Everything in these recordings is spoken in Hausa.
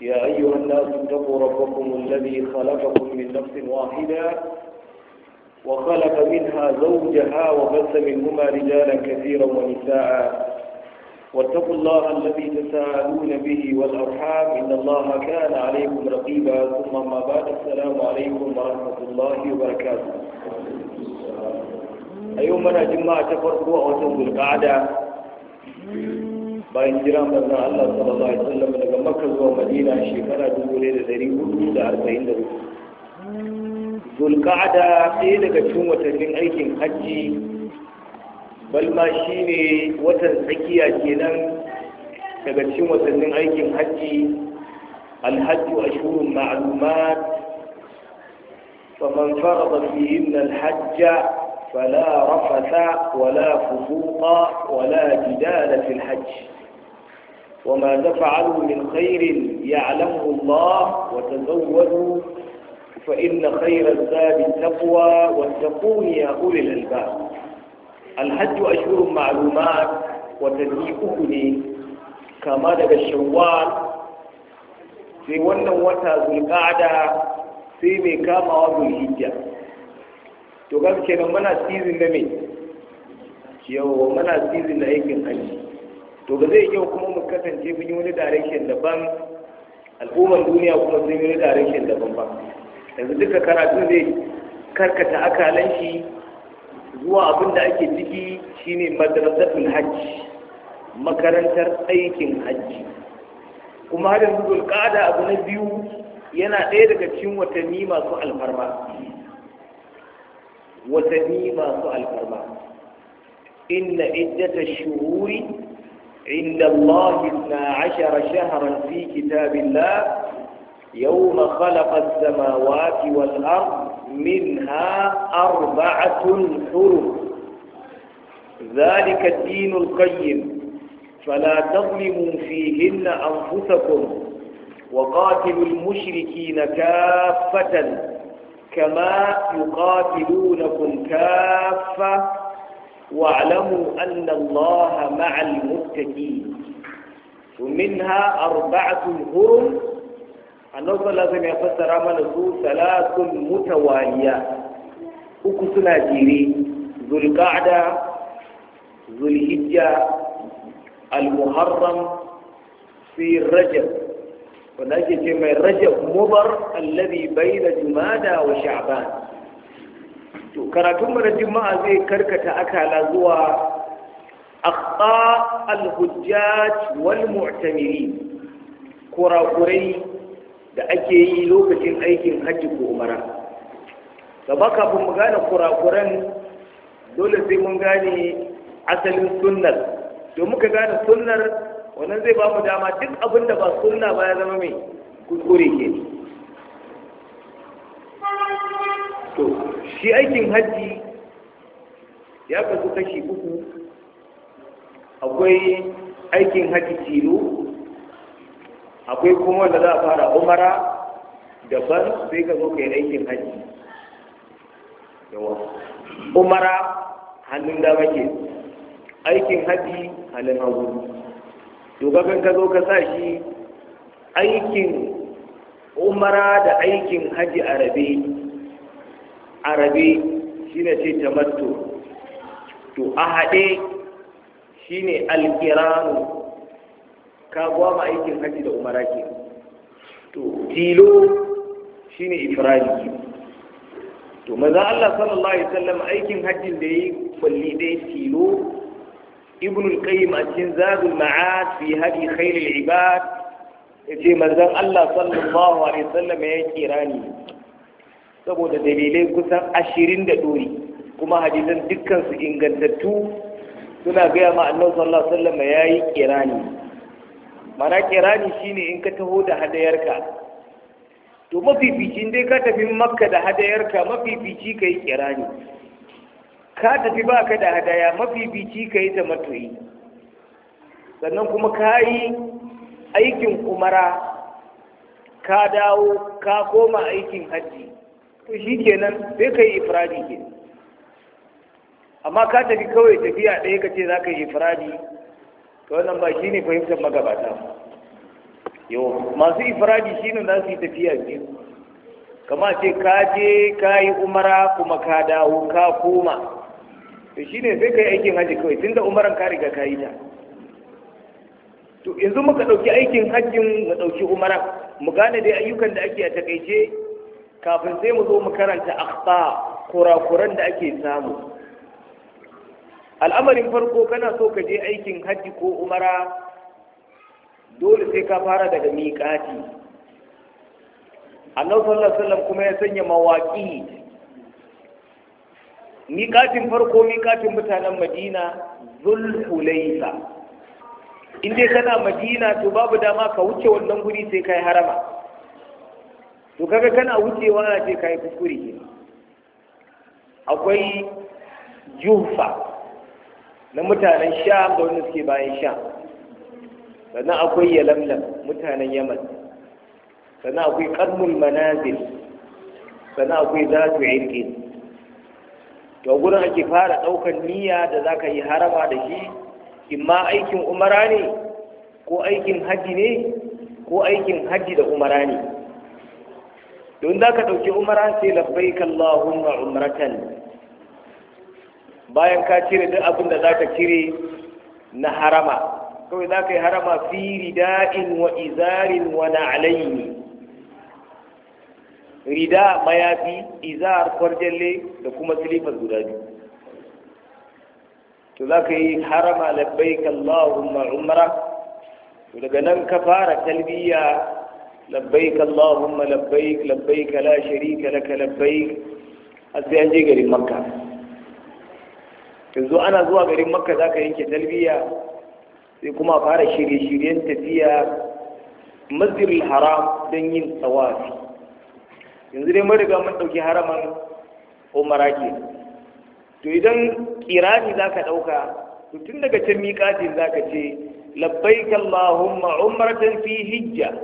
يا أيها الناس اتقوا ربكم الذي خلقكم من نفس واحدة وخلق منها زوجها وبث منهما رجالا كثيرا ونساء واتقوا الله الذي تساءلون به والأرحام إن الله كان عليكم رقيبا ثم ما بعد السلام عليكم ورحمة الله وبركاته أيومنا جماعة فرقوا أو تنقل قعدة bayan jira manzon Allah sallallahu alaihi wasallam daga Makka zuwa Madina shekara 1444 Zulqa'ada ɗaya daga cikin watannin aikin hajji balma shine watan tsakiya kenan daga cikin watannin aikin hajji alhajju ashhurun ma'lumat فمن فرض فيهن الحج فلا رفث ولا فسوق ولا جدال في الحج وما تفعلوا من خير يعلمه الله وتزودوا فإن خير الزاد التقوى واتقون يا أولي الألباب الحج أشهر معلومات وتدريكني كما daga shawwal sai wannan wata zulqa'ada sai mai kamawa zulhijja to gaskiya muna season da me yawa muna season aikin to ba zai kyau kuma mu kasance mun yi wani direction daban al'ummar duniya kuma sun yi wani direction daban ba yanzu duka karatu zai karkata akalan shi zuwa abin da ake ciki shine madrasatul hajji makarantar aikin hajji kuma har yanzu zulqa'ada abu na biyu yana ɗaya daga cikin watanni masu alfarma watanni masu alfarma inna iddatash shuhuri عند الله اثنا عشر شهرا في كتاب الله يوم خلق السماوات والأرض منها أربعة حرم ذلك الدين القيم فلا تظلموا فيهن أنفسكم وقاتلوا المشركين كافة كما يقاتلونكم كافة واعلموا أن الله مع المتقين ومنها أربعة هرم النظر لازم يفسر من ثلاث متواليات أكسنا جيري ذو القعدة ذو الهجة المحرم في الرجب ونجد من رجب مضر الذي بين جمادى وشعبان to karatun mana juma'a zai karkata akala zuwa akhta al-hujjaj wal mu'tamiri kurakurai da ake yi lokacin aikin hajji ko umara gaba kafin mu gane kurakuran dole sai mun gane asalin sunnar to muka gane sunnar wannan zai ba mu dama duk abinda ba sunna ba ya zama mai kuskure ke shi aikin hajji ya kasu kashi uku akwai aikin hajji tilo akwai kuma wanda za a fara umara daban sai ka zo kai aikin hajji umara hannun dama ke aikin hajji hannun hagu to kafin ka zo ka sa shi aikin umara da aikin hajji a rabe arabe shi ne ce tamattu to a haɗe shi ne alkiranu ka gwama aikin haji da umara ke to tilo shi ne ifirani to maza Allah sallallahu Alaihi wasallam aikin hajjin da ya yi kwalli ɗaya tilo ibn al-qayyim a cikin zazul ma'ad fi hadi khairul ibad yace manzon Allah sallallahu alaihi wasallam ya kira ni saboda dalilai kusan ashirin da ɗori kuma hadisan dukkansu ingantattu suna gaya ma annabi sallallahu alaihi wasallam ya yi kirani mana kirani shine in ka taho da hadayarka to mafifici dai ka tafi makka da hadayarka mafifici ka yi kirani ka tafi ba ka da hadaya mafifici ka yi tamatoyi sannan kuma ka yi aikin kumara ka dawo ka koma aikin hajji to shi kenan sai ka yi ifradi ke amma ka tafi kawai tafiya ɗaya ka ce za ka yi ifradi Ka wannan ba shi ne fahimtar magabata yau masu ifradi shi ne za su yi tafiya biyu kama ce ka je ka yi umara kuma ka dawo ka koma to shi ne sai ka yi aikin hajji kawai tunda umaran ka riga ka yi ta to yanzu muka ɗauki aikin hajjin mu ɗauki umara mu gane dai ayyukan da ake a takaice kafin sai mu zo mu karanta akhta kurakuran da ake samu al'amarin farko kana so ka je aikin hajji ko umara dole sai ka fara daga miƙati annabi sallallahu alaihi wasallam kuma ya sanya mawaƙi miƙatin farko miƙatin mutanen madina zulhulaifa in dai kana madina to babu dama ka wuce wannan guri sai kai harama to kaga kana wucewa ana ce kai kuskure ke akwai jufa na mutanen sha, da wanda suke bayan sha. sannan akwai yalamlam mutanen yaman sannan akwai karmul manazil sannan akwai zatu irkin to gurin ake fara ɗaukar niyya da za ka yi harama da shi imma aikin umara ne ko aikin haji ne ko aikin haji da umara ne don za ka ɗauki umara sai labbai wa umratan bayan ka cire duk abin da za ka cire na harama kawai za ka yi harama fi rida'in wa izarin wa na'alaini rida mayafi izar kwarjalle da kuma silifas guda biyu to za ka yi harama labbai wa umara daga nan ka fara talbiya labbaik Allahumma labbaik labbaik la sharika laka labbaik sai an je garin makka yanzu ana zuwa garin makka zaka yanke talbiya sai kuma fara shirye-shiryen tafiya masjidul haram don yin tsawafi yanzu dai mariga mun ɗauki haraman Umaraki. to idan kirani za ka ɗauka to tun daga can miƙatin za ka ce labbaik Allahumma umratan fi hijja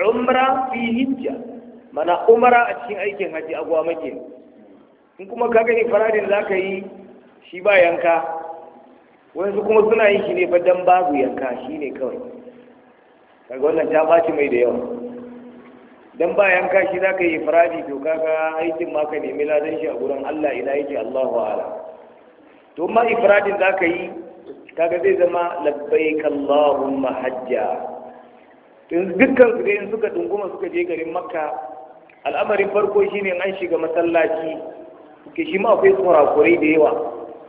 umra fi hijja mana umara a cikin aikin haji agwa ke. in kuma ka gani faradin za ka yi shi ba yanka wasu kuma suna yin shi ne fa dan babu yanka shi ne kawai Daga wannan ta ɓaci mai da yawa dan ba yanka shi za ka yi faradi to kaga aikin ma ka nemi ladan shi a gurin Allah ina yake Allahu ala to ma ifradin za ka yi kaga zai zama labbaik Allahumma hajja yanzu dukkan su dai suka dunguma suka je garin makka al'amarin farko shine an shiga masallaci ke shi ma akwai kurakurai da yawa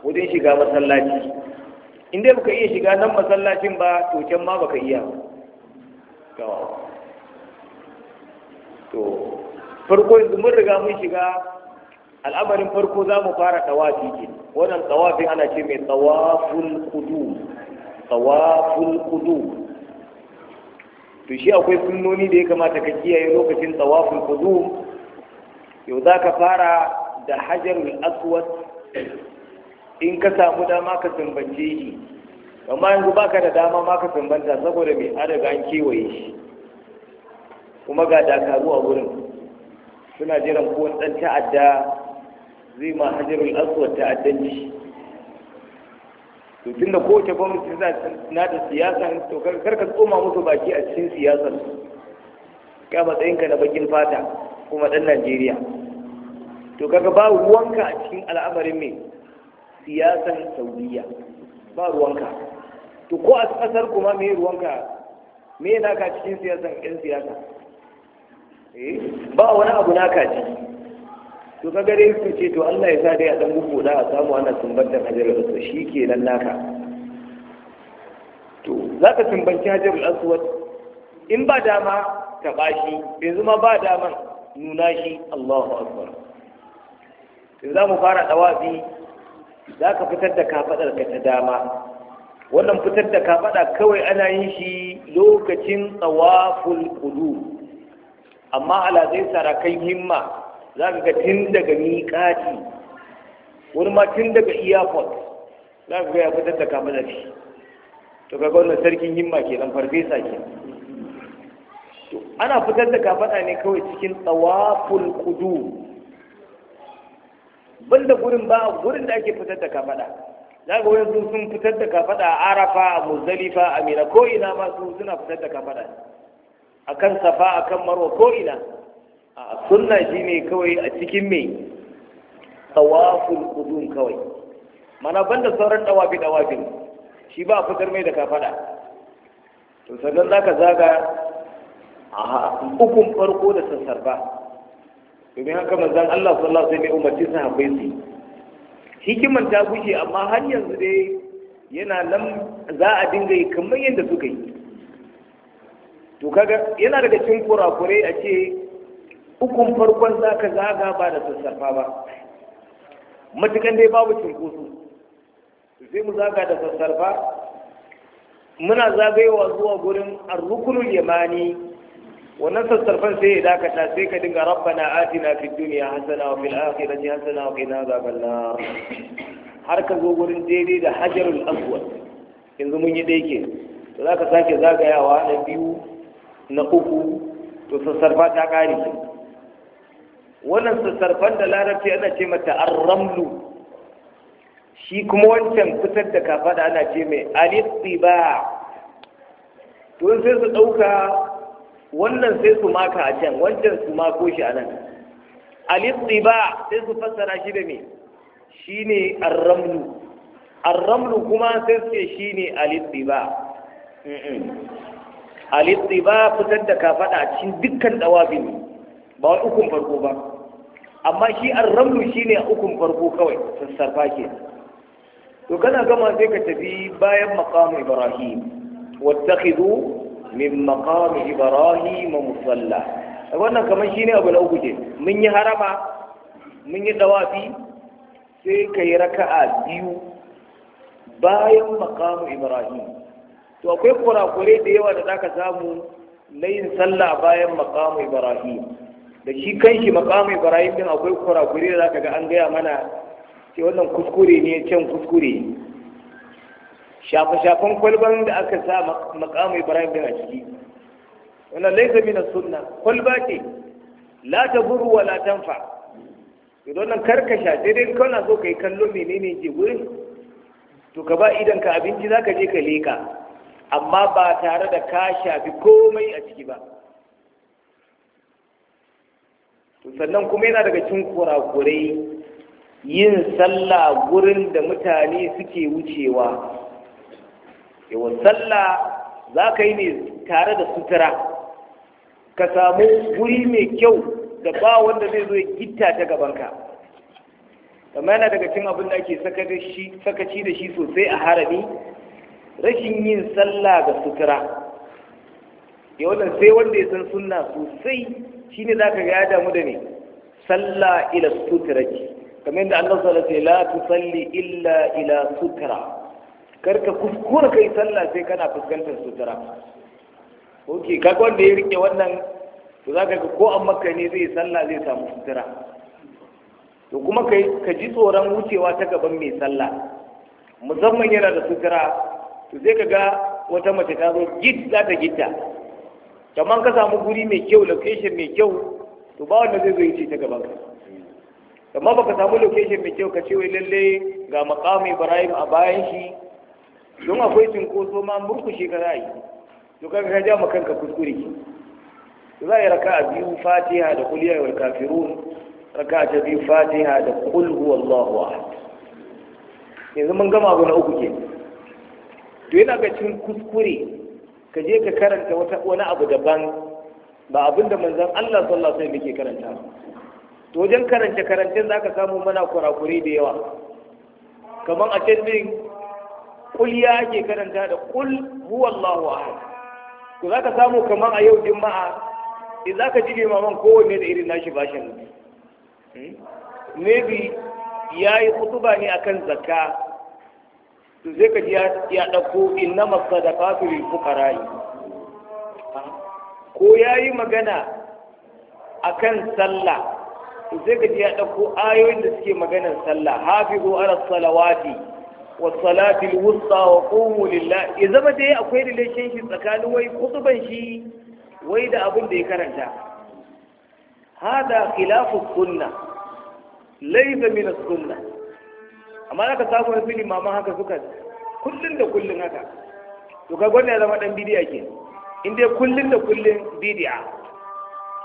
wajen shiga masallaci inda baka iya shiga nan masallacin ba to can ma baka iya to farko yanzu mun riga mun shiga al'amarin farko za mu fara tawafi ke wannan tawafin ana ce mai tawaful kudu tawaful kudu to shi akwai sunnoni da ya kamata ka kiyaye lokacin tsawafin kudu yau za ka fara da hajar aswad in ka samu dama ka sumbance shi amma yanzu baka da dama ma ka sumbanta saboda mai adaga an kewaye shi kuma ga dakaru a wurin suna jiran ko wani dan ta'adda zai ma hajarul aswad ta'addanci to tunda kowace gwamnati za ta nada siyasa to kar ka tsoma musu baki a cikin siyasa ka ka na bakin fata kuma dan Najeriya to kaga ba ruwanka a cikin al'amarin mai siyasan Saudiya ba ruwanka to ko a kasar kuma me ruwanka me naka cikin siyasan yan siyasa eh ba wani abu naka ciki to ka gare su ce to Allah ya sa dai a dan buku da a samu ana sumbantar hajar aswad shi ke naka to za ka sumbanci hajar aswad in ba dama ka bashi yanzu ma ba dama nuna shi Allahu akbar to za mu fara dawafi za ka fitar da kafadar ka ta dama wannan fitar da kafada kawai ana yin shi lokacin tsawaful kudu amma ala zai sarakai himma za ka ga tun daga miƙati wani ma tun daga airport za ka ga ya fitar da kama zafi to ga wannan sarkin himma ke kenan farfesa ke to ana fitar da kafada ne kawai cikin tsawaful kudu banda gurin ba gurin da ake fitar da da za ga wani sun fitar da kafada a arafa a muzalifa a mina ko ina ma su suna fitar da kafada akan safa akan marwa ko ina a sunna ne kawai a cikin mai tsawafin qudum kawai mana banda sauran tawafi tawafin shi ba fitar mai da kafada to sannan ka zaga a hukun farko da sassarfa domin haka manzon Allah sallallahu alaihi wasallam umarci haɓe su hikiman ta gushe amma har yanzu dai yana nan za a dinga yi kamar yadda suka yi to kaga yana daga cikin kurakurai a ce ukun farkon za ka zaga ba da sassarfa ba matukan dai babu cinkoso Zai mu zaga da sassarfa muna zagayewa zuwa gurin arrukunul yamani wannan sassarfan sai ya dakata sai ka dinga rabbana atina fi duniya hasana wa fil akhirati hasana wa qina azaban nar har ka zo gurin daidai da hajarul aswad yanzu mun yi dai ke za ka sake zagayawa na biyu na uku to sassarfa ta kare wannan sassarfan da larabci ana ce mata arramlu shi kuma wancan fitar da kafada ana ce mai alistiba to sai su ɗauka wannan sai su maka a can wancan su mako shi a nan alistiba sai su fassara shi da me shi ne arramlu arramlu kuma sai su ce shi ne alistiba alistiba fitar da kafada a cikin dukkan ɗawafi ne ba wani ukun farko ba amma shi arramlu shine ukun farko kawai sassarfa ke to kana gama sai ka tafi bayan maqam ibrahim wattakhidhu min maqam ibrahim musalla wannan kamar shine abu na uku ke mun yi harama mun yi dawafi sai ka yi raka'a biyu bayan maqam ibrahim to akwai kurakurai da yawa da zaka samu na yin sallah bayan maqam ibrahim da shi kanshi makamu ibrahim din akwai kurakuri da zaka ga an gaya mana ce wannan kuskure ne can kuskure shafe-shafen kwalban da aka sa makamu ibrahim din a ciki wannan laisa mina sunna kwalba ce la taburu wa la tanfa idan nan karkasha sai dai kana so kai kallo menene ke gurin to ka ba idan ka abinci zaka je ka leka amma ba tare da ka shafi komai a ciki ba sannan kuma yana daga cikin kurakurai yin sallah gurin da mutane suke wucewa Yawan sallah za ka yi ne tare da sutura ka samu guri mai kyau da ba wanda zai zo ya gitta ta gabanka Kama yana daga cin abin da ake sakaci da shi sosai a harami rashin yin sallah ga sutura Yawan sai wanda ya san sunna sosai shi ne za ka ga ya damu da ne salla ila ce. kamar yadda Allah sa alaihi la Salli illa ila sutura karka kuskura kai sallah sai kana fuskantar sutura ok kaga wanda ya rike wannan to za ka ga ko an maka ne zai sallah zai samu sutura to kuma ka ji tsoron wucewa ta gaban mai salla musamman yana da sutura to zai ka ga wata mace ta zo gid za ta gidda kamar ka samu guri mai kyau location mai kyau to ba wanda zai zo yace ta gaban ka amma baka samu location mai kyau ka ce wai lalle ga makamu Ibrahim a bayan shi don akwai cinkoso ma murkushe ka za yi to kaga ka ja kanka kuskure ki za yi raka biyu fatiha da kuliyar wal kafirun raka ta biyu fatiha da kul huwallahu ahad yanzu mun gama abu na uku ke to yana ga cikin kuskure ka je ka karanta wata wani abu daban ba abin da manzan Allah sallallahu alaihi wasallam yake karanta to wajen karanta za zaka samu mana kurakuri da yawa kamar a can din kul ya ke karanta da kul huwallahu ahad to zaka samu kamar a yau juma'a in zaka ji limaman kowanne da irin nashi bashin hmm? maybe ya yi kutuba ne akan zakka to zai ka ji ya ɗauko inna masadaqatu fukara yi ko ya yi magana kan sallah to zai ka ya ɗauko ayoyin da suke maganar sallah hafizu ala salawati was wa al wusta wa qumu lillah ya zama dai akwai relationship tsakanin wai kutuban shi wai da abin da ya karanta hada khilafu sunna laysa min sunnah amma za ka samu wasu mama haka suka kullum da kullum haka to ka gwanda ya zama dan bidiya ke inda dai kullum da kullum bidiya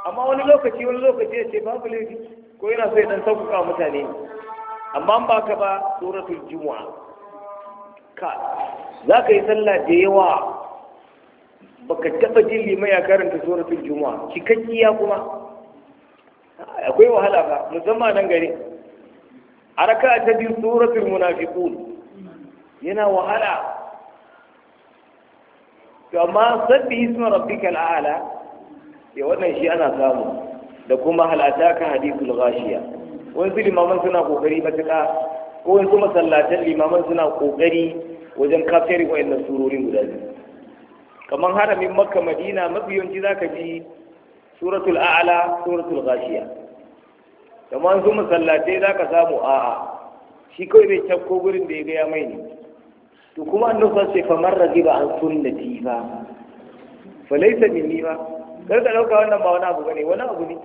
amma wani lokaci wani lokaci ya ce babu laifi ko yana so ya dan sauƙaƙa mutane amma ba ka ba suratul jumu'a ka za ka yi sallah da yawa baka taɓa jin limai ya karanta suratul jumu'a cikakkiya kuma akwai wahala ba musamman nan gari a raka ta biyu suratul munafiqun yana wahala to amma sabbi isma rabbikal a'la ya wannan shi ana samu da kuma halata ka hadithul ghashiya wani su limaman suna kokari matuƙa ko wani masallatan limaman suna kokari wajen kafiyar wayannan surori guda biyu kamar haramin makka madina mafi yawanci zaka ji suratul a'la suratul ghashiya kamar su masallatai za ka samu a'a shi kawai bai cakko gurin da ya gaya mai ne to kuma annabi sai fa marra ba an sunnati ba fa laysa minni ba kar ka dauka wannan ba wani abu bane wani abu ne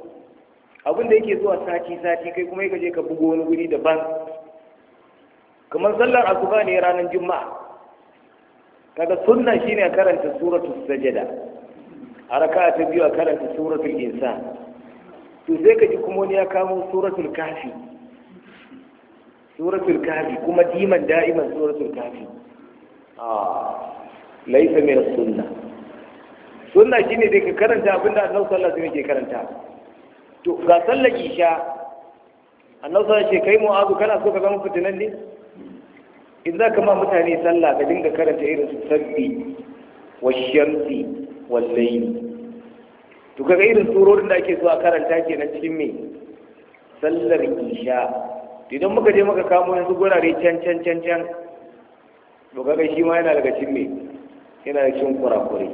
abin da yake zuwa sati sati kai kuma yake je ka bugo wani guri daban kamar sallar asuba ne ranar juma'a kaga sunna shine karanta suratul sajada a raka'a ta biyu a karanta suratul insan to sai ka ji kuma wani ya kamo suratul kafi suratul kafi kuma diman da'iman suratul kafi ah, laifin mai sunna sunna shi ne ka karanta abinda Annabi sallallahu alaihi ne ke karanta to ga sallar isha Annabi sallallahu ce kai mu'azu kana so ka zama fitinan ne in za ka ma mutane sallah ka dinga karanta irin su sabbi wa shamsi wal layli to kaga irin surorin da ake so a karanta kenan cikin me sallar isha idan muka je muka kamo yanzu gurare can can can can to kaga shi ma yana daga cikin me yana da cikin kurakure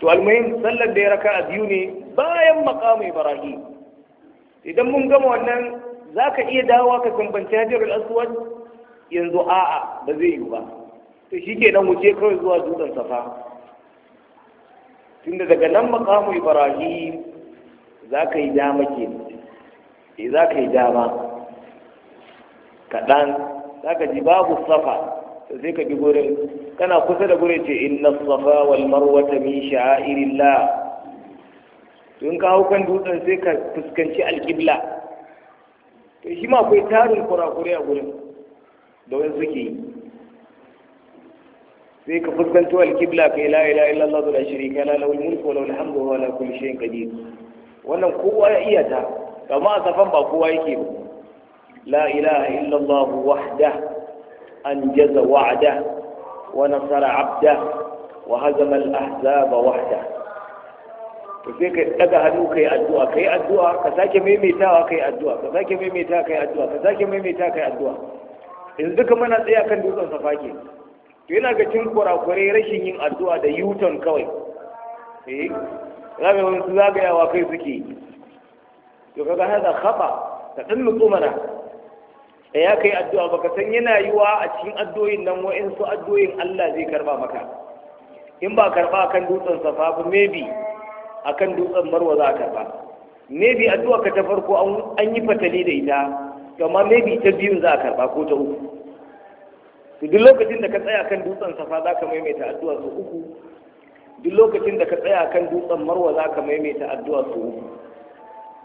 to almuhim sallar da ya raka a biyu ne bayan maqamu ibrahim idan mun gama wannan zaka iya dawowa ka kambanci hajarul aswad yanzu a'a ba zai yi ba to shikenan wuce kawai zuwa dutsen safa tunda daga nan makamu ibrahim za ka yi dama ke e za ka yi dama kaɗan za ka ji babu safa zai ka bi gurin kana kusa da gurin ce inna safa wal marwata min sha'irillah tun ka hau kan dutsen sai ka fuskanci alƙibla to shi ma akwai tarin kurakure a gurin da wani suke yi فيك قد كنت الكبلة لا إله إلا الله ذو الأشريك لا له الملك ولو الحمد هو على كل شيء قدير وأنه قوة إيتها فما أتفهم بقوة إيكيب لا إله إلا الله وحده أنجز وعده ونصر عبده وهزم الأحزاب وحده فيك أدى هدو كي أدوى كي أدوى كساك ميميتا كي أدوى كساك ميميتا كي أدوى كساك ميميتا كي أدوى إن ذكر من أدوى كان دوزن to yana ga cin kurakure rashin yin addu'a da yuton kawai eh zaga wani su zagayawa kai suke to kaga hada khata ta dan nutsu mana da ya kai addu'a baka san yana yiwa a cikin addu'o'in nan su addu'o'in Allah zai karba maka in ba karba akan dutsen safa ba maybe akan dutsen marwa za a karba maybe addu'a ka ta farko an yi fatali da ita kamar maybe ta biyun za a karba ko ta uku to duk lokacin da ka tsaya kan dutsen safa za ka maimaita addu'a su uku duk lokacin da ka tsaya kan dutsen marwa za ka maimaita addu'a su uku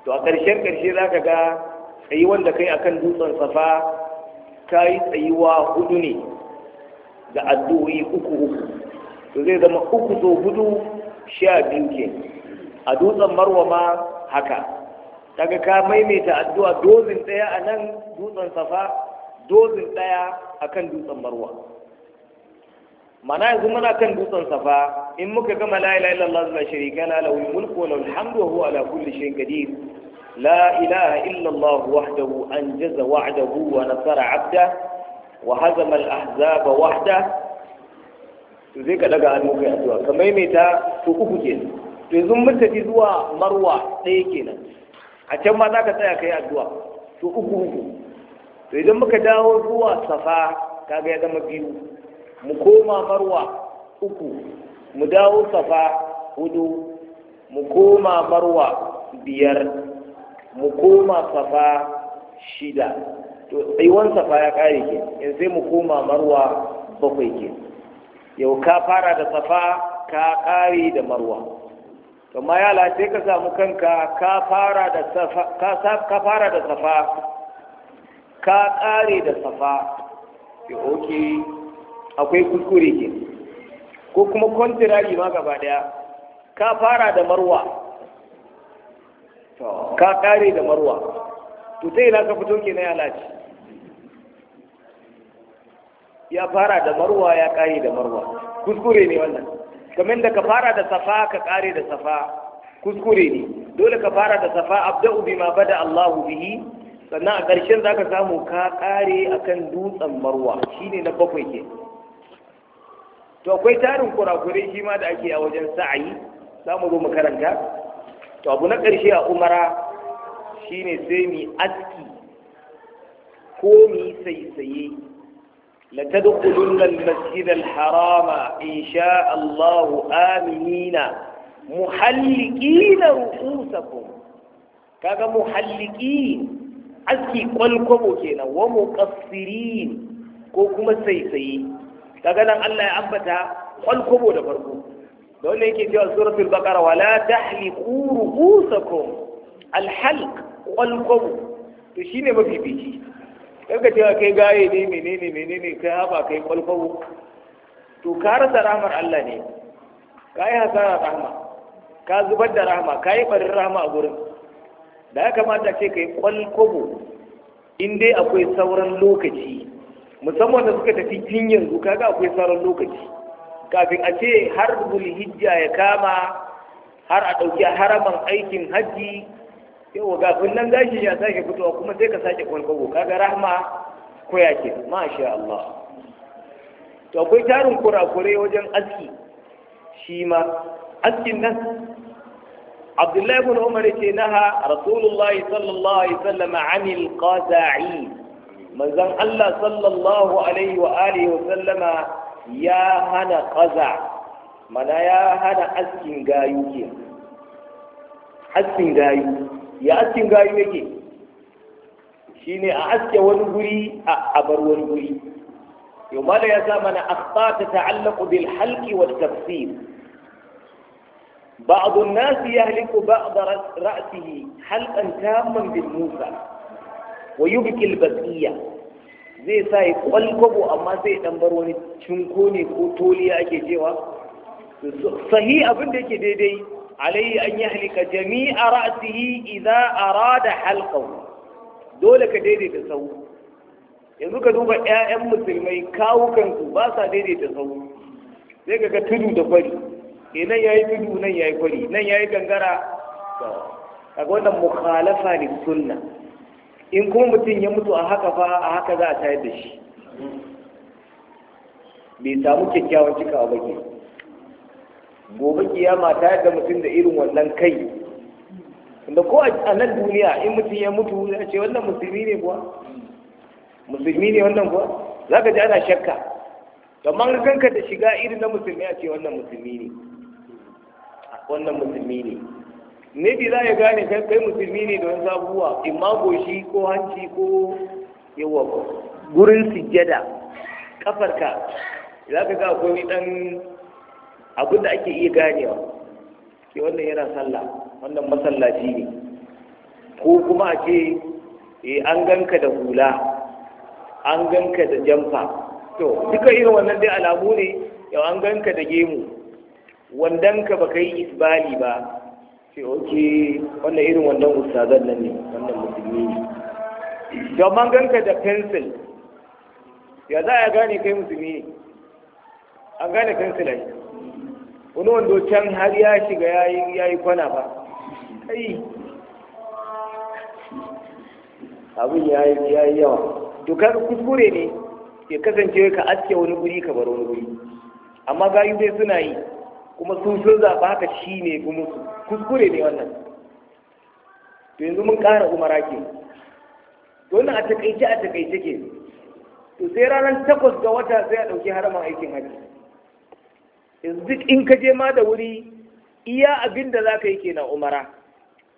to a ƙarshen ƙarshe za ka ga tsayi wanda kai akan dutsen safa ka yi tsayuwa hudu ne da addu'o'i uku uku to zai zama uku so hudu sha biyu ke a dutsen marwa ma haka kaga ka maimaita addu'a dozin ɗaya a nan dutsen safa dozin ɗaya a kan dutsen marwa mana yanzu muna kan dutsen safa in muka gama la ilaha illallah la sharika la lahu mulku wa lahu alhamdu wa huwa ala kulli shay'in qadir la ilaha illallah wahdahu anjaza wa'dahu wa nasara 'abda wa hazama al-ahzaba wahda to zai ka daga hannu kai addu'a ka maimaita to uku kenan to yanzu mun tafi zuwa marwa ɗaya kenan a can ma za ka tsaya ka yi addu'a to uku uku to idan muka dawo zuwa safa kaga ya zama biyu mu koma marwa uku mu dawo safa hudu mu koma marwa biyar mu koma safa shida to tsayuwan safa ya kare ke in sai mu koma marwa bakwai ke yau ka fara da safa ka kare da marwa ma ya ka samu kanka ka fara da safa ka ƙare da safa ya oke akwai kuskure ke ko kuma kwantirari ma gaba daya ka fara da marwa ka ƙare da marwa to sai na ka fito ke na yalaci ya fara da marwa ya ƙare da marwa kuskure ne wannan kamar da ka fara da safa ka ƙare da safa kuskure ne dole ka fara da safa abda'u bima bada Allahu bihi sannan a ƙarshen za ka samu ka ƙare a kan dutsen marwa shi ne na bakwai ke to akwai tarin kurakurai shi ma da ake a wajen sa'ayi za mu zo mu to abu na ƙarshe a umara shi ne sai mu aski ko mu saisaye la tadkhulunna al-masjid al-harama insha Allah aminina muhallikina ru'usakum kaga muhallikin aski kwalkwabo kenan wa muqassirin ko kuma saisaye kaga nan Allah ya ambata kwalkwabo da farko da wanda yake cewa suratul baqara wala tahliqu ru'usakum alhalq kwalkwabo to shine mafi bici kaga cewa kai gaye ne menene menene kai haba kai kwalkwabo to ka rasa rahmar Allah ne ka yi hasara rahma ka zubar da rahma ka yi barin rahma a gurin da ya kamata ce ka yi kwalkwabo in dai akwai sauran lokaci musamman da suka tafi jin yanzu kaga akwai sauran lokaci kafin a ce har hijja ya kama har a ɗauki haraman aikin hajji yawa gafin nan gashi ya sake fitowa kuma sai ka sake kwalkwabo kaga rahma koya ke masha Allah to akwai tarin kurakurai wajen aski shi ma askin nan abdullahi ibn umar ce naha rasulullahi sallallahu alaihi wasallam anil qada'i manzon Allah sallallahu alaihi wa sallama ya hana qaza mana ya hana askin gayu ke askin gayu ya askin gayu yake shine a aske wani guri a bar wani wuri yau mala ya sa mana akhta ta ta'allaqu bil halki wat tafsir بعض الناس يهلك بعض رأسه حلقا تاما بالموسى ويبكي البقية zai sa ya kwalkwabo amma zai dan bar wani cinko ko toliya ake cewa sahi abinda da yake daidai alayhi an yi halika jami'a ra'sihi idza arada halqahu dole ka daidaita sau yanzu ka duba ƴaƴan musulmai kawukan su ba sa daidaita sau sai ka ga tudu da kwari E nan yayi tudu nan yayi kwari nan yayi gangara kaga wannan mukhalafa ne sunna in kuma mutum ya mutu a haka fa a haka za a tayar da shi bai samu kyakkyawan cikawa ba ke gobe kiyama ta da mutum da irin wannan kai da ko a nan duniya in mutum ya mutu ya ce wannan musulmi ne kuwa musulmi ne wannan kuwa za ka ji ana shakka amma kanka da shiga irin na musulmi a ce wannan musulmi ne wannan musulmi ne maybe za ya gane kai kai musulmi ne don sabuwa imma goshi ko hanci ko yawa gurin sujjada kafarka za ka ga akwai dan abin da ake iya ganewa ke wannan yana sallah wannan masallaci ne ko kuma a ce eh, an ganka da hula an ganka da jamfa to duka irin wannan dai alamu ne yau an ganka da gemu ka ba kai yi isbali ba sai oke wannan irin wandan ustazan nan ne wannan musulmi ne don man ganka da pencil ya za a gane kai musulmi ne an gane pencil ai wani wando can har ya shiga ya yi kwana ba kai abin ya yi yawa to kan kuskure ne ke kasance ka aske wani guri ka bar wani guri amma gayu dai suna yi kuma sun sun zaɓa ka shi ne fi musu kuskure ne wannan to yanzu mun ƙara umara ke to wannan a takaice a takaice ke to sai ranar takwas ga wata sai a ɗauki haramin aikin hajji yanzu duk in ka je ma da wuri iya abin da za ka yi kenan umara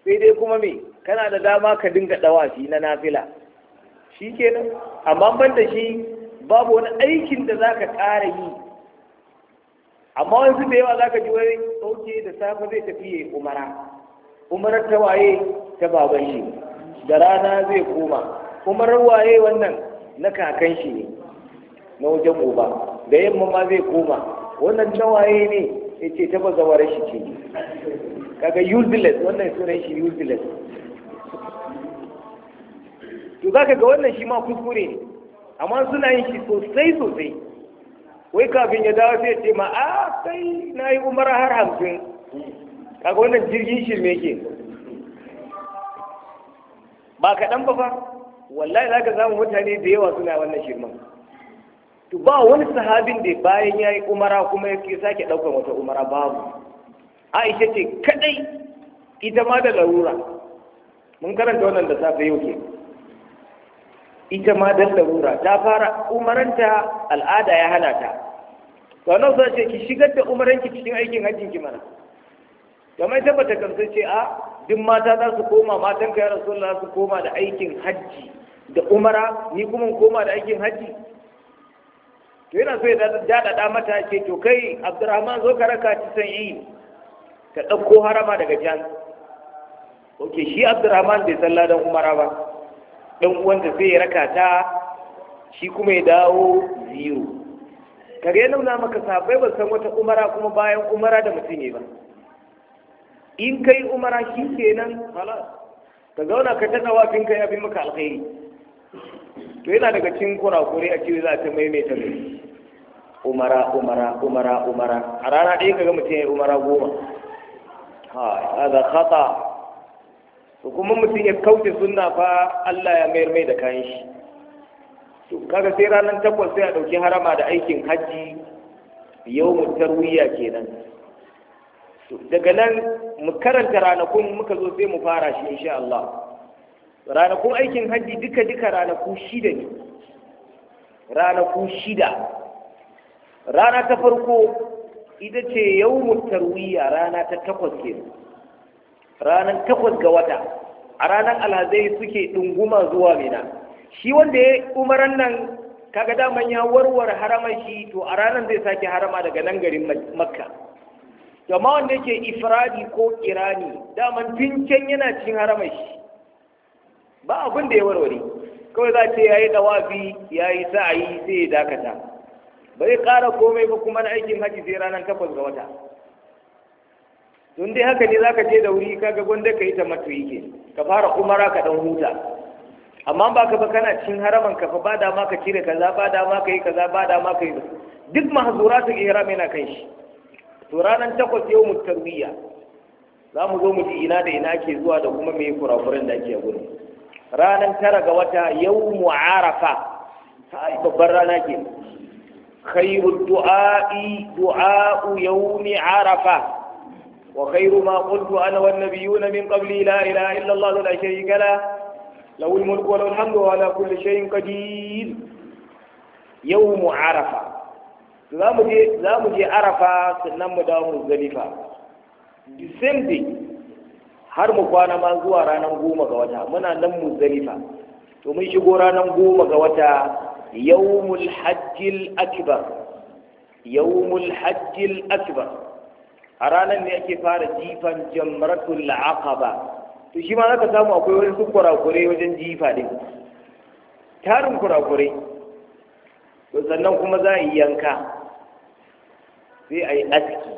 sai dai kuma me kana da dama ka dinga ɗawafi na nafila shi kenan amma ban da shi babu wani aikin da za ka ƙara yi amma wani da yawa za ka ji wani sauke da safe zai tafi ya umara umarar ta waye ta baban shi da rana zai koma umarar waye wannan na kakan shi ne na wajen goba da yamma ma zai koma wannan ta waye ne ya ce ta bazawar shi ce kaga useless wannan sunan shi useless to za ka ga wannan shi ma kuskure ne amma suna yin shi sosai sosai wai kafin ya dawo sai ce ma a ah, kai na yi umara har hamsin kaga wannan jirgin shirme ke ba kaɗan ba fa wallahi za ka samu mutane da yawa suna wannan shirman to ba wani sahabin da bayan ya yi umara kuma ya sake ɗaukar wata umara babu aisha ce kaɗai ita ma da larura mun karanta wannan da safe yau ke ita ma dan larura ta fara umaranta al'ada ya hana ta to nan sai ce ki shigar da umaranki cikin aikin hajjin ki mana kamar tabbata bata ce a duk mata za su koma matan ka ya rasulullah su koma da aikin hajji da umara ni kuma koma da aikin hajji to yana so ya daɗaɗa mata ce to kai abdurrahman zo ka raka ci san yi ka ɗauko harama daga can ok shi abdurrahman bai san ladan umara ba ɗan uwanta sai ya raka ta shi kuma ya dawo zero Kare ya nuna maka sabai ba san wata umara kuma bayan umara da mutum ne ba in kai umara shi nan hala ka zauna ka ta wafin kai abin maka alkhairi to yana daga cin kurakure a cewa za ta maimaita mai umara umara umara umara a rana ɗaya ga mutum ya umara goma ha hada khata to kuma mutum ya kauce sunna fa Allah ya mayar mai da kayan shi to kaga sai ranar takwas sai a ɗauki harama da aikin hajji yau mu tarwiya kenan daga nan mu karanta ranakun muka zo sai mu fara shi insha Allah ranakun aikin hajji duka duka ranaku shida ne ranaku shida rana ta farko ita ce yau mu tarwiya rana ta takwas kenan ranar takwas ga wata a ranar alhazai suke ɗunguma zuwa mina shi wanda ya umaran nan kaga daman ya warware harama shi to a ranar zai sake harama daga nan garin makka amma wanda yake ifradi ko Irani, daman tun yana cikin harama shi ba abin da ya warware kawai za ce ya yi ɗawafi ya yi sa'ayi sai ya dakata Bai zai ƙara komai ba kuma na aikin haji zai ranar takwas ga wata tun dai haka ne za ka je da wuri ka ga gwanda ka yi ta matu yake ka fara umara ka dan huta amma ba ka ba kana cin haraman ka fa ba da ma ka cire kaza ba da ma ka yi kaza ba da ma ka yi duk mahzuratul ihram yana kan shi to ranar takwas yau mu tarbiyya za mu zo mu ji ina da ina ke zuwa da kuma me kurakuran da ake gudu ranar tara ga wata yau mu arafa babbar rana ke khairul du'a'i du'a'u yawmi arafa وخير ما قلت أنا والنبيون من قبلي لا الله لا شريك له له الملك وله الحمد كل شيء قدير يوم za mu je arafa sannan mu dawo muzdalifa har mu kwana ma zuwa ranar goma ga wata muna nan muzdalifa to mun shigo ranar goma ga wata yawmul hajjil akbar yawmul hajjil akbar a ranar ne ake fara jifan jamratul aqaba to shi ma zaka samu akwai wani su kurakure wajen jifa din tarin kurakure to sannan kuma za a yi yanka sai a yi aski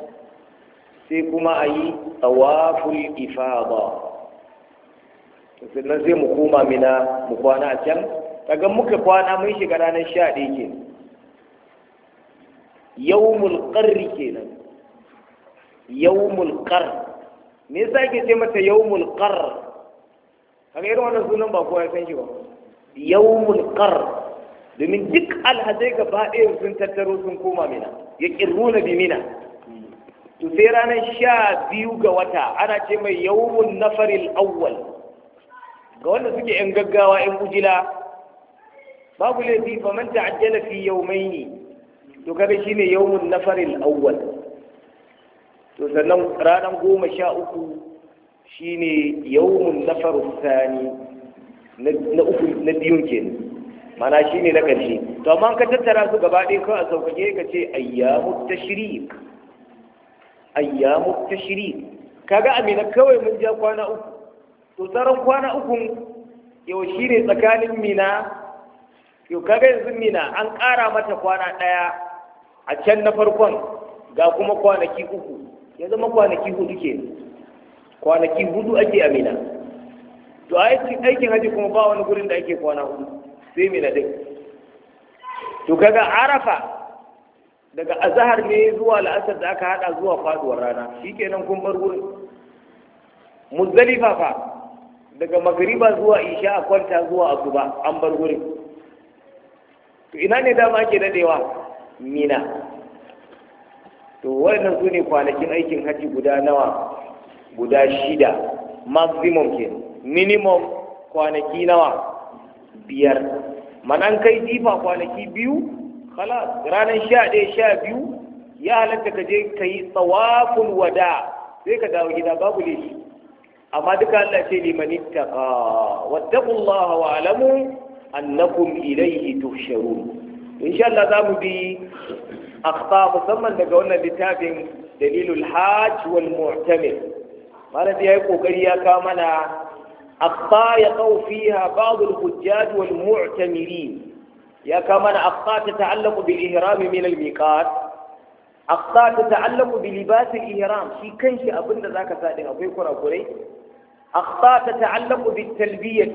sai kuma a yi tsawaful ifada sannan sai mu koma mina mu kwana a can daga muka kwana mun shiga ranar sha ɗaya ke mulƙar qarri kenan yawmul qar me yasa yake ce mata yawmul qar kaga irin wannan sunan ba kowa ya san shi ba yawmul qar domin duk alhazai ga ɗaya sun tattaro sun koma mina ya kirruna bi mina to sai ranar sha biyu ga wata ana ce mai yawmun nafaril awwal ga wanda suke yan gaggawa yan ujila babu laifi fa man ta'ajjala fi yawmaini to kaga shine yawmun nafaril awwal to sannan ranar goma sha uku shine yawmun nafar sani na uku na biyun ke, mana shine na ƙarshe to amma ka tattara su gaba ɗaya kawai a sauƙaƙe ka ce ayyamu ta ayyamu Ka kaga amina kawai mun ja kwana uku to tsaron kwana uku yau shi ne tsakanin mina yau kaga yanzu mina an ƙara mata kwana ɗaya a can na farkon ga kuma kwanaki uku ya zama kwanaki hudu ke kwanaki hudu ake amina to aikin haji kuma ba wani gurin da ake kwana hudu sai mina dai to kaga arafa daga azahar ne zuwa la'asar da aka hada zuwa faduwar rana shi shikenan kun bar wurin muzdalifa fa daga magariba zuwa isha a kwanta zuwa asuba an bar wurin to ina ne dama ake dadewa mina to wannan su ne kwanakin aikin hajji guda nawa guda shida maximum ke minimum kwanaki nawa biyar manan kai jifa kwanaki biyu kala ranar sha ɗaya sha biyu ya halatta ka je ka yi tsawaful wada sai ka dawo gida babu shi amma duka Allah ce ta, ka wadda Allah wa alamu annakum ilaihi, tuhsharun insha Allah za mu bi أخطاء مسمّن نقولنا لتاب دليل الحاج والمعتمر ما نبي يقول قريا كامنا أخطاء يقو فيها بعض الحجاج والمعتمرين يا كامنا أخطاء تتعلق بالإهرام من الميقات أخطاء تتعلق بلباس الإهرام في كان شيء أبن ذاك أو في كرة كري أخطاء تتعلق بالتلبية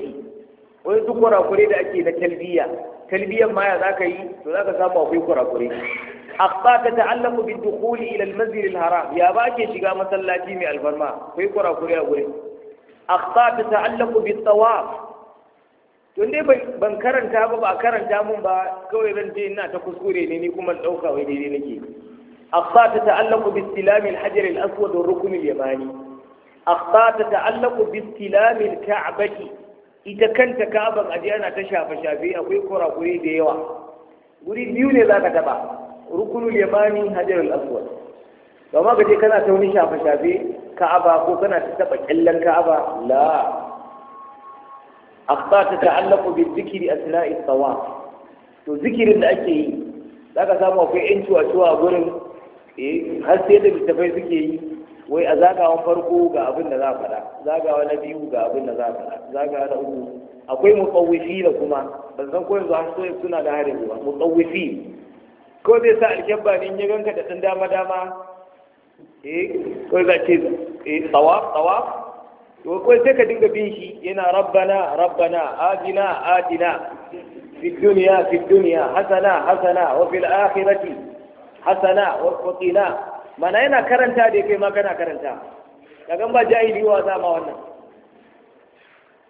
ويذكر كري ذاكي بالتلبية talbiyan ma ya ka yi to za ka samu akwai kurakure akhta ta ta'allaqu bi dukhuli ila al-masjid al-haram ya ba ke shiga masallaci mai alfarma akwai kurakure a gurin akhta ta ta'allaqu bi tawaf to dai ban karanta ba ba karanta mun ba kawai zan je ina ta kuskure ne ni kuma dauka wai daidai nake akhta ta ta'allaqu bi istilami al-hajar al-aswad wa rukn al-yamani akhta ta ta'allaqu bi istilami al-ka'bati ita kanta ka'aban aje ana ta shafe-shafe akwai kurakure da yawa guri biyu ne za ka taɓa ya bani hajarul aswad ba ma ka je kana ta wani shafe-shafe ka'aba ko kana ta taɓa kyallen ka'aba la akhta ta bin bi a asna'i tsawa. to zikirin da ake yi za ka samu akwai 'yan cuwa-cuwa gurin eh, har sai da littafai suke yi wai a zagawan farko ga abin da za a faɗa zagawa na biyu ga abin da za a faɗa zagawa na uku akwai mutsawifi da kuma ban san ko yanzu har suna da harin ba mutsawifi ko zai sa alkyabba ne ya ganka da ɗan dama dama eh ko za ce eh tsawaf tsawaf to ko sai ka dinga bin shi yana rabbana rabbana adina adina fi الدنيا hasana hasana wa fil akhirati hasana wa qina mana yana karanta da kai ma kana karanta gan ba jahili wa za ma wannan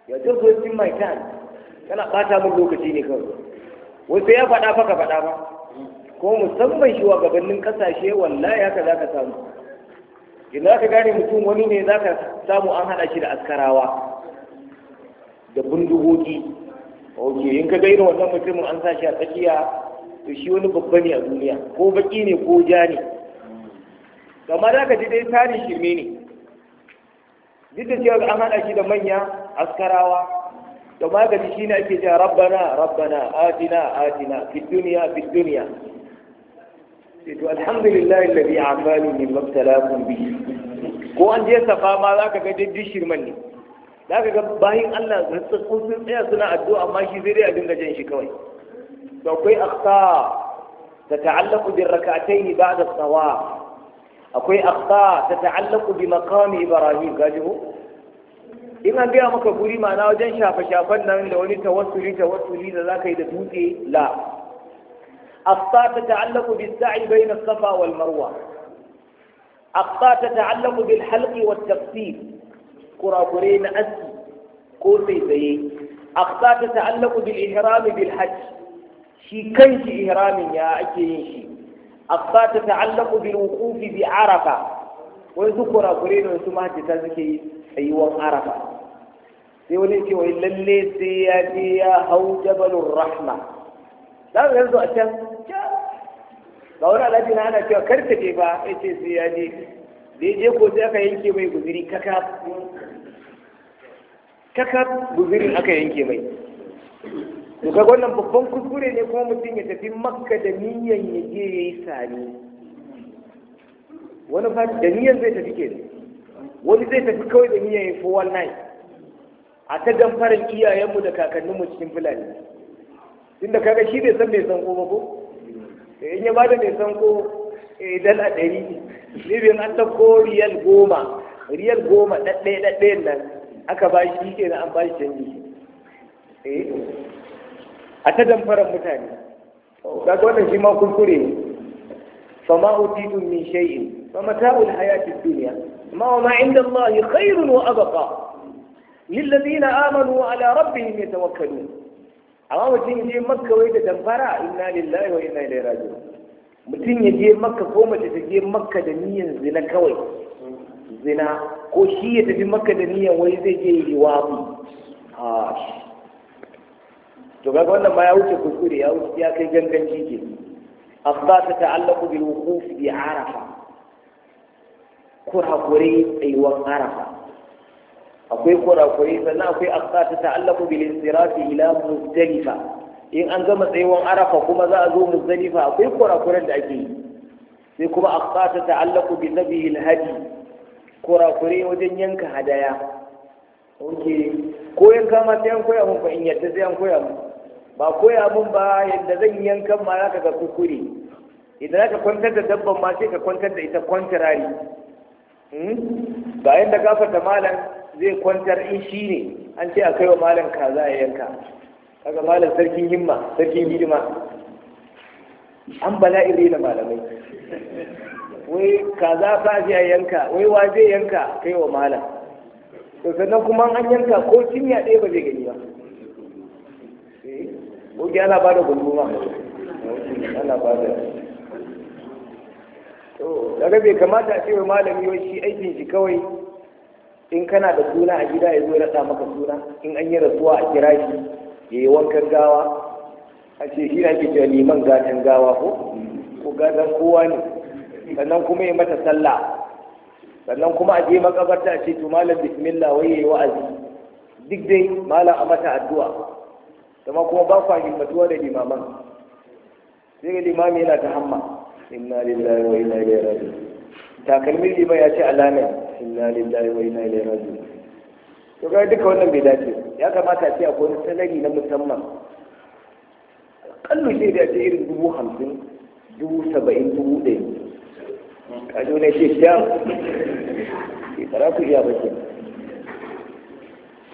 ya just wasting mai kan kana bata min lokaci ne kawai wai sai ya faɗa faka ka faɗa ba ko musamman shi wa gabanin kasashe wallahi haka za ka samu idan ka gane mutum wani ne za ka samu an haɗa shi da askarawa da bindigogi Oke, in ka gaira wannan mutumin an sa shi a tsakiya to shi wani babba ne a duniya ko baki ne ko ja ne kamar za ka ji dai tarin shirme ne duk da cewa an hada shi da manya askarawa da magani shi ne ake jin rabbana rabbana A'dina, A'dina; fi duniya fi duniya sai to alhamdulillah alladhi amali min mabtalakum bi ko an je safa ma za ka ga duk shirman ne za ka ga bayan Allah ko sun tsaya suna addu'a amma shi zai dai a dinga jan shi kawai to akwai akhta tata'allaqu bi rak'atayn ba'da sawa akwai akhta ta ta'allaqu bi maqami ibrahim gajo in an biya maka guri ma'ana wajen shafa shafan nan da wani tawassuli tawassuli da za yi da dutse la akhta ta ta'allaqu bi sa'i bayna safa wal marwa akhta ta ta'allaqu bil halqi wat tafsir kurakure na aski ko sai sai akhta ta ta'allaqu bil ihram bil hajj shi kanki ihramin ya ake yin shi amma ta ta'allaku bil wuqufi bi arafa Wani su kurakure ne su mahajjata suke yi a tsayuwan arafa sai wani ce wa yi lalle sai ya je ya hau jabalun rahma za mu yanzu a can Ba wani alhaji na ana cewa kar ka je ba ya ce sai ya je da ya je ko sai aka yanke mai guziri kakaf kakaf guzirin aka yanke mai to ga wannan babban kuskure ne kuma mutum ya tafi makka da niyan ya je ya yi sani wani fa da niyan zai tafi ke wani zai tafi kawai da niyan ya yi 419 a ta gamfarin iyayenmu da kakanninmu cikin fulani da kaga shi bai san mai san ba ko eh, in ya bada mai sanko idan eh, a ɗari libyan an ta ko riyal goma riyal goma ɗaɗɗaya ɗaɗɗayan nan aka ba shi ke na an ba shi canji eh, a ta damfarar mutane ga wannan shi ma kuskure ne fa ma utitu min shay'in fa mata'ul hayatid dunya ma ma inda Allah khairun wa abqa lil ladina amanu ala rabbihim yatawakkalun amma mutum je makka wai da damfara inna lillahi wa inna ilaihi raji'un mutum ya je makka ko mace ta je makka da niyyar zina kawai zina ko shi ya tafi makka da niyyar wai zai je yi wafi to kaga wannan ma ya wuce kuskure ya wuce ya kai gangan ke amma ta ta'allaku bil wuquf bi arafa kurakure tsayuwan arafa akwai kurakure sannan akwai aqsa ta ta'allaku bil insirafi ila muzdalifa in an gama tsayuwan arafa kuma za a zo muzdalifa akwai kurakuren da ake yi sai kuma aqsa ta ta'allaku bi zabihil hadi kurakure wajen yanka hadaya oke ko yanka ma sai an koya mun in yadda sai an koya mun ba koya mun ba yadda zan yankan ma za ka ga kukuri idan ka kwantar da dabban ma sai ka kwantar da ita kwantarari ba hmm? yadda ta malam zai kwantar in shi ne an ce a kai wa malam kaza a yanka kaga malam sarkin himma sarkin hidima an bala'ire da malamai wai kaza fa zai yanka wai wa zai yanka kai wa malam sannan kuma an yanka ko kimiyya ɗaya ba zai gani ba goge ana ba da gunduma ana ba to daga bai kamata a ce wa malami wai shi aikin shi kawai in kana da suna a gida ya zo rasa maka suna in an yi rasuwa a kira shi ya yi wankan gawa a ce shi ake cewa liman gatan gawa ko ko gatan kowa ne sannan kuma ya mata sallah sannan kuma a je makabarta a ce to malam bismillah wai yayi wa'azi duk dai malam a mata addu'a zama kuma ba kwa himmatuwa da limaman sai ga limami yana ta hamma inna lillahi wa inna ilaihi raji'un takalmin liman ya ce alama inna lillahi wa inna ilaihi raji'un to ga duka wannan bai dace ya kamata a ce akwai wani salari na musamman kallu sai da ce irin dubu hamsin dubu saba'in dubu ɗaya kajo ne ce sha ke tsara ku iya bakin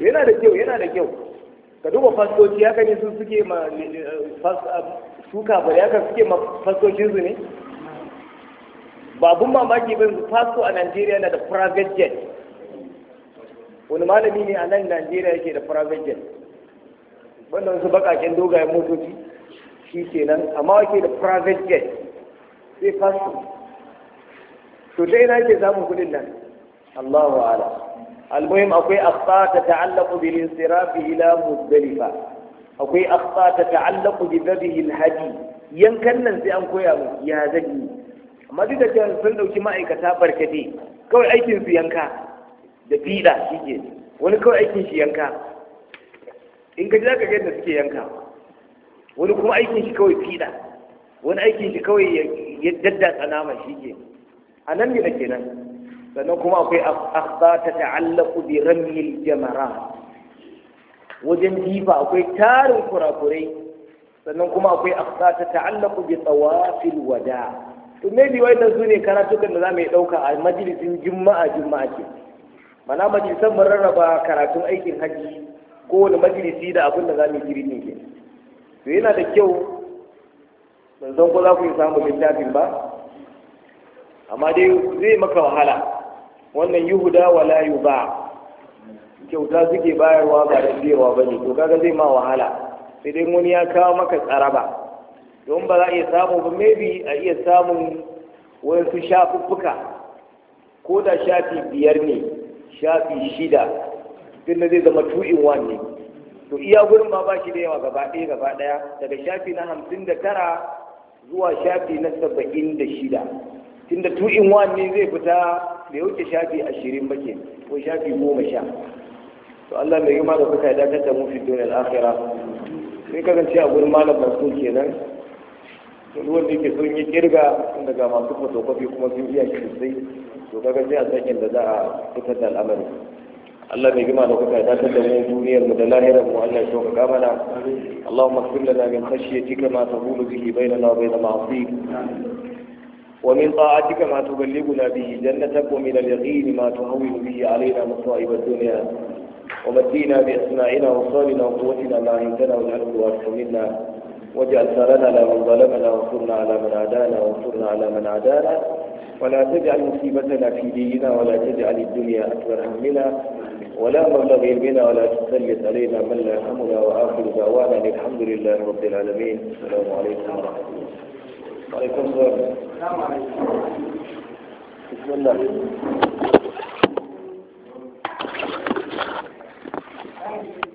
yana da kyau yana da kyau ka duba fasoci haka ne sun suke ma eh, suka eh, ya haka suke ma fasoci su ne babun mamaki bin faso a Najeriya na da private jet wani malami ne a nan Najeriya yake da private jet wanda wasu bakaken dogayen motoci shi nan amma wake da private jet sai faso to dai na ke samun kudin nan Allahu a'lam almuhim akwai akhta ta ta'allaqu bil insirafi ila muzdalifa akwai akhta ta ta'allaqu bi dhabihi al yankan nan sai an koya mu ya zagi amma duk da cewa sun dauki ma'aikata barkate kawai aikin yanka da fiɗa shike wani kawai aikin shi yanka in ka ji zaka ga yadda suke yanka wani kuma aikin shi kawai fiɗa wani aikin shi kawai ya daddatsa nama a nan kenan sannan kuma akwai akhba ta ta'allaqu bi ramyil jamara wajen jifa akwai tarin kurakurai sannan kuma akwai akhba ta ta'allaqu bi tawafil wada to ne bi wannan sune karatukan da zamu yi dauka a majalisin juma'a juma'a ce mana majalisan mun rarraba karatun aikin haji kowane majalisi da abin da zamu yi jirin ne to yana da kyau ban san ko za ku yi samun littafin ba amma dai zai maka wahala wannan yuhuda wala ba. kyauta suke bayarwa ba da biyarwa ba ne to kaga zai ma wahala sai dai wani ya kawo maka tsaraba don ba za a iya samu ba maybe a iya samun wasu shafuffuka ko da shafi biyar ne shafi shida tunda zai zama two in one ne to iya gurin ma ba shi da yawa gaba ɗaya gaba ɗaya daga shafi na hamsin da tara zuwa shafi na saba'in da shida tunda two in one ne zai fita da wuce shafi ashirin ba ke ko shafi goma sha to Allah mai yuma da kuka ya dakatar mu fi duniyar akhira sai kasance a gurin malam masu kenan to ruwan da yake sun yi kirga daga masu fotokofi kuma sun iya shi sosai to kaga sai a sakin da za a fitar da al'amari Allah mai gima da kuka ta da mu duniyar mu da lahirar mu Allah ya sauka mana Allahumma kullu min khashyatika ma tahulu bihi bainana wa bainal ma'asi ومن طاعتك ما تبلغنا به جنتك ومن اليقين ما تهون به علينا مصائب الدنيا ومدينا بأسماعنا وصالنا وقوتنا ما عندنا والعرض وارث منا واجعل ثارنا على من ظلمنا وانصرنا على من عادانا وانصرنا على من عادانا ولا تجعل مصيبتنا في ديننا ولا تجعل الدنيا أكبر همنا ولا مبلغ علمنا ولا تسلط علينا من لا يرحمنا وآخر دعوانا الحمد لله رب العالمين السلام عليكم ورحمة الله عليكم السلام بسم الله